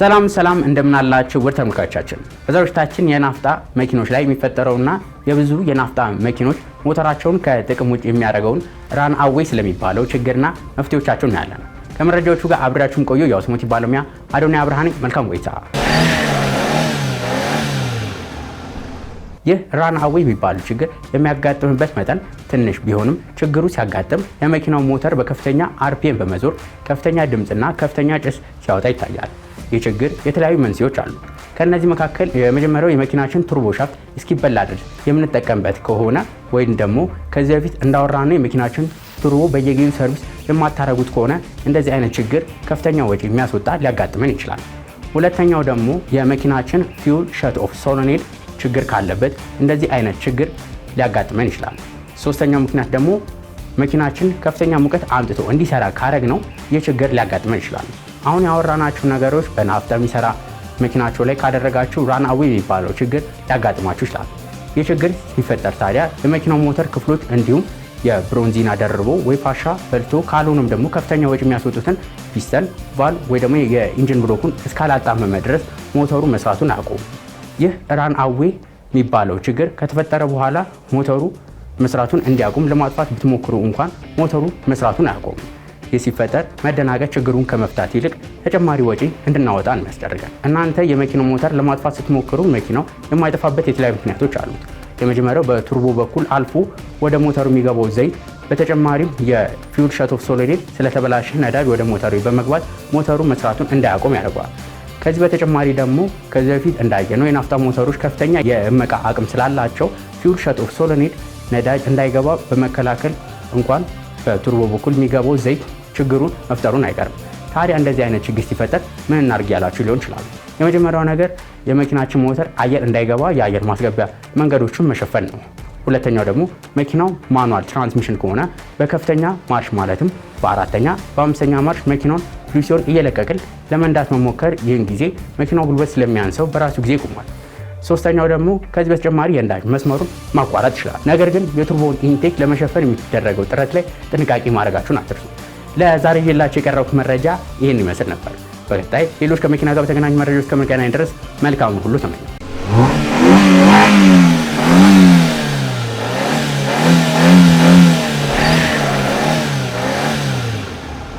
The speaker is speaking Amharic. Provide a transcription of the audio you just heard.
ሰላም ሰላም እንደምናላችሁ ውድ ተመልካቾቻችን፣ በዛሬው የናፍጣ መኪኖች ላይ የሚፈጠረውና የብዙ የናፍጣ መኪኖች ሞተራቸውን ከጥቅም ውጭ የሚያደርገውን ራን አዌይ ስለሚባለው ችግርና መፍትሄዎቻቸው እናያለን። ከመረጃዎቹ ጋር አብሬያችሁን ቆዩ። የአውቶሞቲቭ ባለሙያ አዶኒያ ብርሃን፣ መልካም ቆይታ። ይህ ራን አዌይ የሚባለው ችግር የሚያጋጥምበት መጠን ትንሽ ቢሆንም ችግሩ ሲያጋጥም የመኪናው ሞተር በከፍተኛ አርፒኤም በመዞር ከፍተኛ ድምፅና ከፍተኛ ጭስ ሲያወጣ ይታያል። ይህ ችግር የተለያዩ መንስኤዎች አሉ። ከእነዚህ መካከል የመጀመሪያው የመኪናችን ቱርቦ ሻፍት እስኪበላ ድረስ የምንጠቀምበት ከሆነ ወይም ደግሞ ከዚህ በፊት እንዳወራነው የመኪናችን ቱርቦ በየጊዜው ሰርቪስ የማታረጉት ከሆነ እንደዚህ አይነት ችግር ከፍተኛ ወጪ የሚያስወጣ ሊያጋጥመን ይችላል። ሁለተኛው ደግሞ የመኪናችን ፊውል ሸት ኦፍ ሶሎኔድ ችግር ካለበት እንደዚህ አይነት ችግር ሊያጋጥመን ይችላል። ሶስተኛው ምክንያት ደግሞ መኪናችን ከፍተኛ ሙቀት አምጥቶ እንዲሰራ ካረግ ነው ይህ ችግር ሊያጋጥመን ይችላል። አሁን ያወራናችሁ ነገሮች በናፍጣ የሚሰራ መኪናቸው ላይ ካደረጋችሁ ራን አዌ የሚባለው ችግር ሊያጋጥማችሁ ይችላል። ይህ ችግር ሲፈጠር ታዲያ የመኪናው ሞተር ክፍሎች እንዲሁም የብሮንዚን አደርቦ ወይ ፋሻ በልቶ ካልሆነም ደግሞ ከፍተኛ ወጪ የሚያስወጡትን ፒስተን ቫል ወይ ደግሞ የኢንጂን ብሎኩን እስካላጣመመ ድረስ ሞተሩ መስራቱን አያቆም። ይህ ራን አዌ የሚባለው ችግር ከተፈጠረ በኋላ ሞተሩ መስራቱን እንዲያቆም ለማጥፋት ብትሞክሩ እንኳን ሞተሩ መስራቱን አያቆም። ይህ ሲፈጠር መደናገጥ ችግሩን ከመፍታት ይልቅ ተጨማሪ ወጪ እንድናወጣ የሚያስደርጋል። እናንተ የመኪናው ሞተር ለማጥፋት ስትሞክሩ መኪናው የማይጠፋበት የተለያዩ ምክንያቶች አሉት። የመጀመሪያው በቱርቦ በኩል አልፎ ወደ ሞተሩ የሚገባው ዘይት በተጨማሪም የፊውል ሸቶፍ ሶሌኔት ስለተበላሸ ነዳጅ ወደ ሞተሩ በመግባት ሞተሩ መስራቱን እንዳያቆም ያደርገዋል። ከዚህ በተጨማሪ ደግሞ ከዚህ በፊት እንዳየነው የናፍታ ሞተሮች ከፍተኛ የእመቃ አቅም ስላላቸው ፊውል ሸቶፍ ሶሎኔድ ነዳጅ እንዳይገባ በመከላከል እንኳን በቱርቦ በኩል የሚገባው ዘይት ችግሩን መፍጠሩን አይቀርም። ታዲያ እንደዚህ አይነት ችግር ሲፈጠር ምን እናርግ ያላችሁ ሊሆን ይችላሉ የመጀመሪያው ነገር የመኪናችን ሞተር አየር እንዳይገባ የአየር ማስገቢያ መንገዶችን መሸፈን ነው። ሁለተኛው ደግሞ መኪናው ማኑዋል ትራንስሚሽን ከሆነ በከፍተኛ ማርሽ ማለትም በአራተኛ በአምስተኛ ማርሽ መኪናውን ፍሉሲዮን እየለቀቅን ለመንዳት መሞከር። ይህን ጊዜ መኪናው ጉልበት ስለሚያንሰው በራሱ ጊዜ ይቆማል። ሶስተኛው ደግሞ ከዚህ በተጨማሪ የነዳጅ መስመሩን ማቋረጥ ይችላል። ነገር ግን የቱርቦውን ኢንቴክ ለመሸፈን የሚደረገው ጥረት ላይ ጥንቃቄ ማድረጋችሁን አትርሱ። ለዛሬ ይዤላችሁ የቀረቡት መረጃ ይህን ይመስል ነበር። በቀጣይ ሌሎች ከመኪና ጋር በተገናኙ መረጃዎች ከመገናኝ ድረስ መልካሙን ሁሉ ተመኘ።